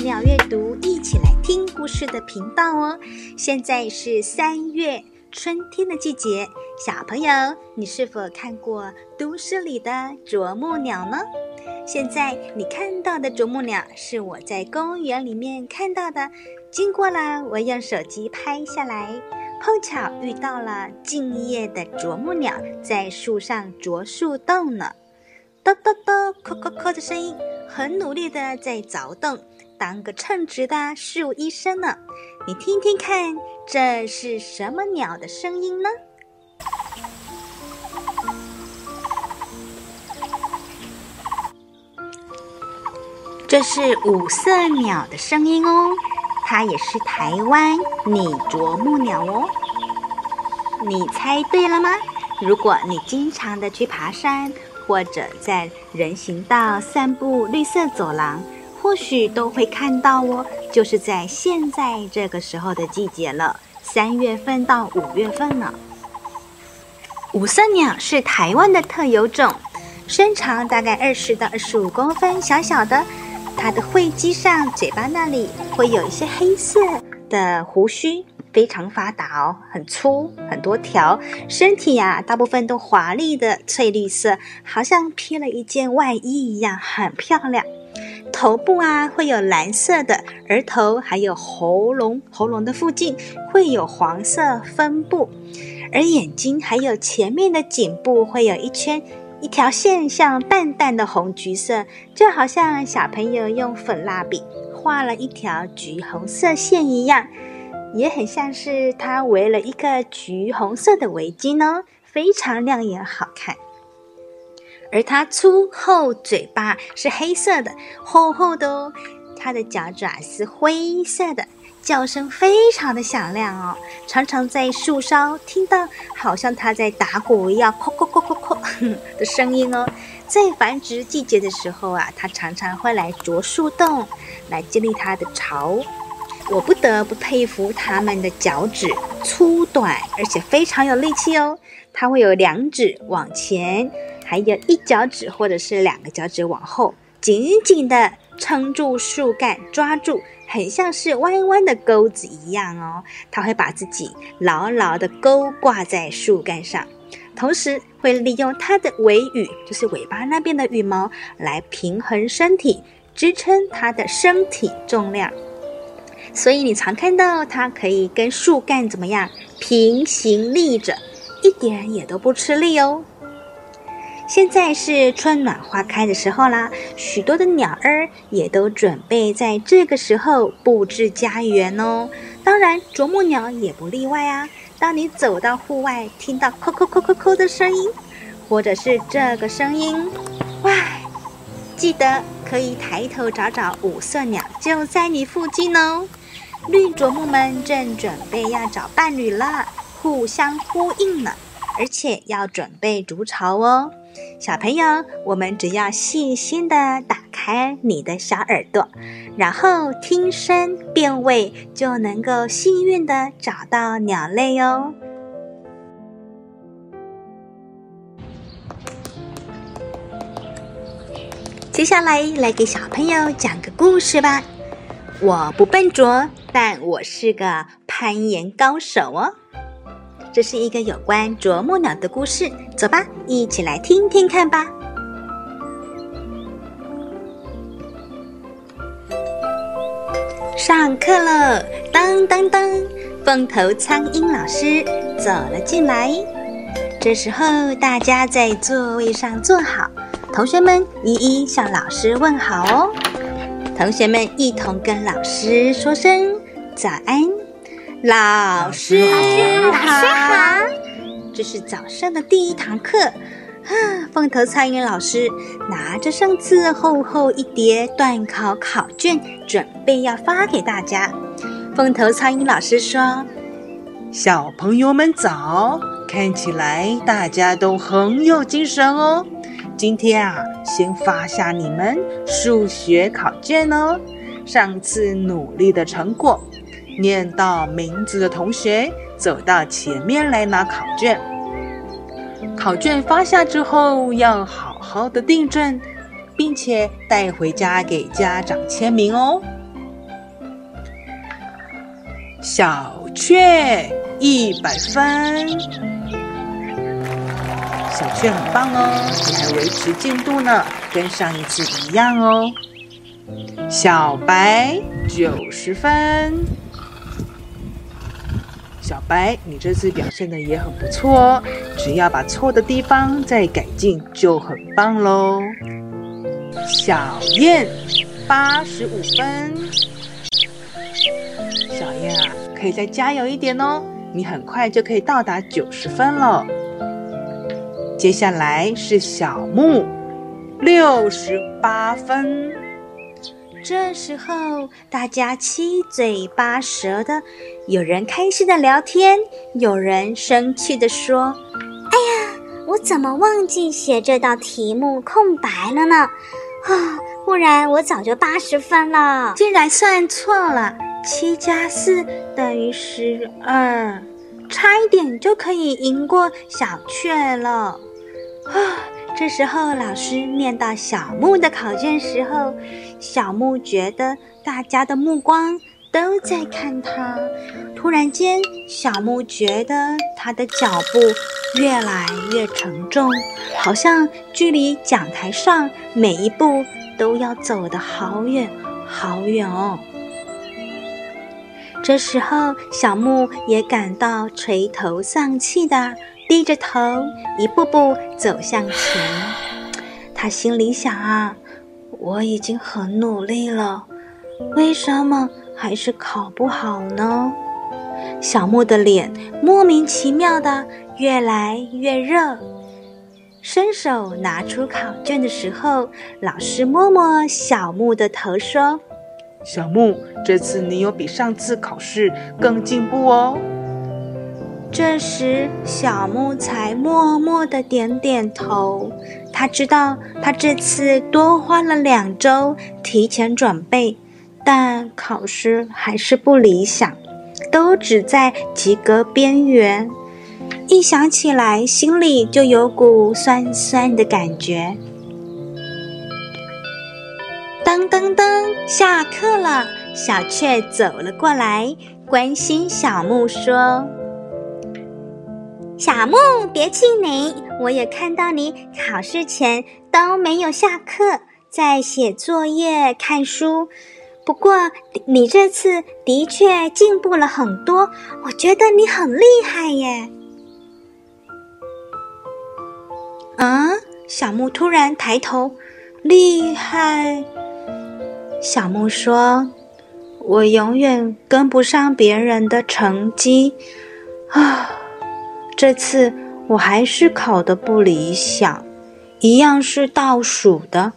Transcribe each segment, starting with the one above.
小鳥閱讀，一起來聽故事的頻道哦。現在是三月，春天的季節。小朋友，你是否看過都市裡的啄木鳥呢？現在你看到的啄木鳥是我在公園裡面看到的，經過了，我用手機拍下來，碰巧遇到了敬業的啄木鳥在樹上啄樹洞呢，咚咚咚，咯咯咯的聲音，很努力的在鑿洞。當個稱職的樹醫生呢、哦？你聽聽看，這是什麼鳥的聲音呢？這是五色鳥的聲音哦，它也是台灣擬啄木鳥哦。你猜對了嗎？如果你經常的去爬山，或者在人行道散步綠色走廊。或許都會看到哦，就是在現在這個時候的季節了，三月份到五月份了。五色鳥是台灣的特有種，身長大概二十到二十五公分，小小的。它的喙基上、嘴巴那裡會有一些黑色的鬍鬚，非常發達哦，很粗，很多條。身體呀、啊，大部分都華麗的翠綠色，好像披了一件外衣一樣，很漂亮。頭部啊，會有藍色的，額頭還有喉嚨，喉嚨的附近會有黃色分布，而眼睛還有前面的頸部會有一圈一條線，像淡淡的紅橘色，就好像小朋友用粉蠟筆畫了一條橘紅色線一樣，也很像是它圍了一個橘紅色的圍巾哦，非常亮眼好看。而它粗厚嘴巴是黑色的，厚厚的哦。它的腳爪是灰色的，叫聲非常的響亮哦。常常在樹梢聽到，好像它在打鼓一樣，咯咯咯咯咯的聲音哦。在繁殖季節的時候啊，它常常會來啄樹洞，來建立它的巢。我不得不佩服它們的腳趾粗短，而且非常有力氣哦。它會有兩指往前。還有一腳趾或者是兩個腳趾往後緊緊地撐住樹幹，抓住，很像是彎彎的鈎子一樣哦。它會把自己牢牢的勾掛在樹幹上，同時會利用它的尾羽，就是尾巴那邊的羽毛來平衡身體，支撐它的身體重量。所以你常看到它可以跟樹幹怎麼樣平行立着，一點也都不吃力哦。現在是春暖花開的時候啦，許多的鳥兒也都準備在這個時候布置家園哦。當然，啄木鳥也不例外啊。當你走到戶外，聽到摳摳摳摳摳的聲音，或者是這個聲音，哇！記得可以抬頭找找五色鳥，就在你附近哦。綠啄木們正準備要找伴侶了，互相呼應呢，而且要準備築巢哦。小朋友，我們只要細心的打開你的小耳朵，然後聽聲辨位，就能夠幸運的找到鳥類哦。接下來來給小朋友講個故事吧。我不笨拙，但我是個攀岩高手哦。這是一個有關啄木鳥的故事，走吧，一起來聽聽看吧。上課了，當當當，鳳頭蒼鷹老師走了進來。這時候，大家在座位上坐好，同學們一一向老師問好哦。同學們一同跟老師說聲早安。老師，老師好，這是早上的第一堂課。啊，鳳頭蒼鷹老師拿着上次厚厚一疊段考考卷，準備要發給大家。鳳頭蒼鷹老師說：“小朋友們早，看起來大家都很有精神哦。今天啊，先發下你們數學考卷哦，上次努力的成果。”念到名字的同學走到前面來拿考卷。考卷發下之後，要好好的訂正，並且帶回家給家長簽名哦。小雀一百分，小雀很棒哦，你還維持進度呢，跟上一次一樣哦。小白九十分。小白，你這次表現的也很不錯哦，只要把錯的地方再改進，就很棒嘍。小燕，八十五分。小燕啊，可以再加油一點哦，你很快就可以到達九十分了。接下來是小木，六十八分。這時候，大家七嘴八舌的。有人開心的聊天，有人生氣的說：“哎呀，我怎麼忘記寫這道題目空白了呢？啊，不然我早就八十分了。竟然算錯了，七加四等於十二，差一點就可以贏過小雀了。啊，這時候老師念到小木的考卷時候，小木覺得大家的目光，”都在看他。突然間，小木覺得他的腳步越來越沉重，好像距離講台上每一步都要走得好遠好遠哦。這時候，小木也感到垂頭喪氣的，低着頭一步步走向前。他心裡想啊，我已經很努力了，為什麼？還是考不好呢？小木的臉莫名其妙的越來越熱。伸手拿出考卷的時候，老師摸摸小木的頭說：“小木，這次你有比上次考試更進步哦。”這時，小木才默默的點點頭。他知道，他這次多花了兩周提前準備。但考試還是不理想，都只在及格邊緣。一想起來，心裡就有股酸酸的感覺。噔噔噔，下課了，小雀走了過來，關心小木說：“小木，別氣餒，我也看到你考試前都沒有下課，在寫作業、看書。”不過，你這次的確進步了很多，我覺得你很厲害耶！嗯、啊、小木突然抬頭，厲害。小木說：“我永遠跟不上別人的成績啊，這次我還是考得不理想，一樣是倒數的。”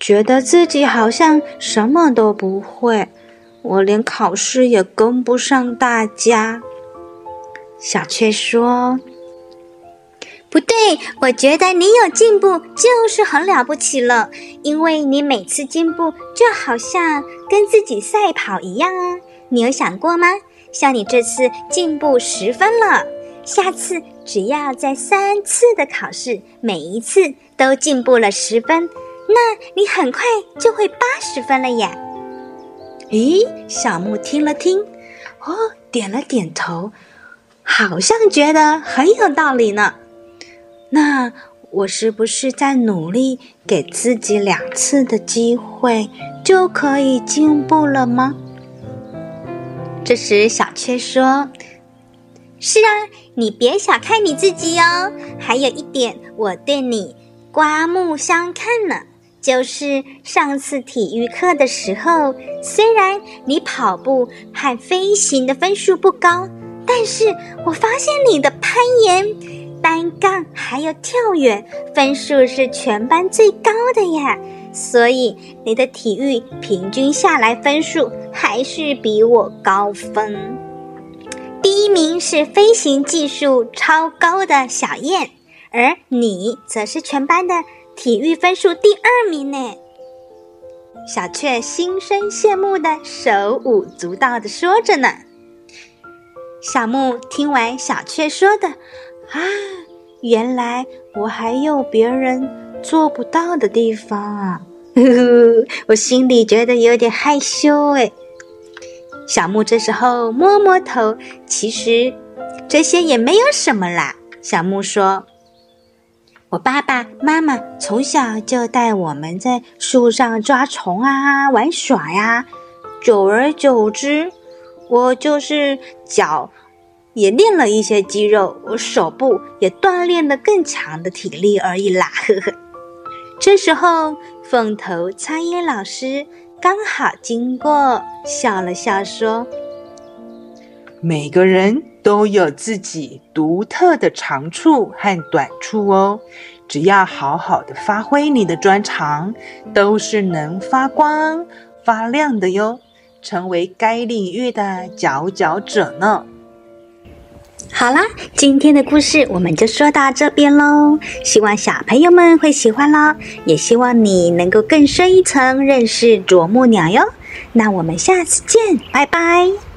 覺得自己好像什麼都不會，我連考試也跟不上大家。小雀說：“不對，我覺得你有進步就是很了不起了，因為你每次進步就好像跟自己賽跑一樣啊！你有想過嗎？像你這次進步十分了，下次只要再三次的考試，每一次都進步了十分。”那你很快就會八十分了呀？咦，小木聽了聽，哦，點了點頭，好像覺得很有道理呢。那我是不是再努力給自己兩次的機會，就可以進步了嗎？這時，小雀說：“是啊，你別小看你自己哦。還有一點，我對你刮目相看呢。”就是上次體育課的時候，雖然你跑步和飛行的分數不高，但是我發現你的攀岩、單槓還有跳遠分數是全班最高的呀。所以你的體育平均下來分數還是比我高分。第一名是飛行技術超高的小燕，而你則是全班的。體育分數第二名呢，小雀心生羨慕的，手舞足蹈的說着呢。小木聽完小雀說的，啊，原來我還有別人做不到的地方啊，呵呵，我心裡覺得有點害羞哎。小木這時候摸摸頭，其實這些也沒有什麼啦，小木說。我爸爸媽媽從小就帶我們在樹上抓蟲啊、玩耍呀、啊，久而久之，我就是腳也練了一些肌肉，我手部也鍛鍊了更強的體力而已啦。呵呵。這時候，鳳頭蒼鷹老師剛好經過，笑了笑說：“每個人。”都有自己獨特的長處和短處哦，只要好好的發揮你的專長，都是能發光發亮的喲，成為該領域的佼佼者呢。好啦，今天的故事我們就說到這邊嘍，希望小朋友們會喜歡啦，也希望你能夠更深一層認識啄木鳥喲。那我們下次見，拜拜。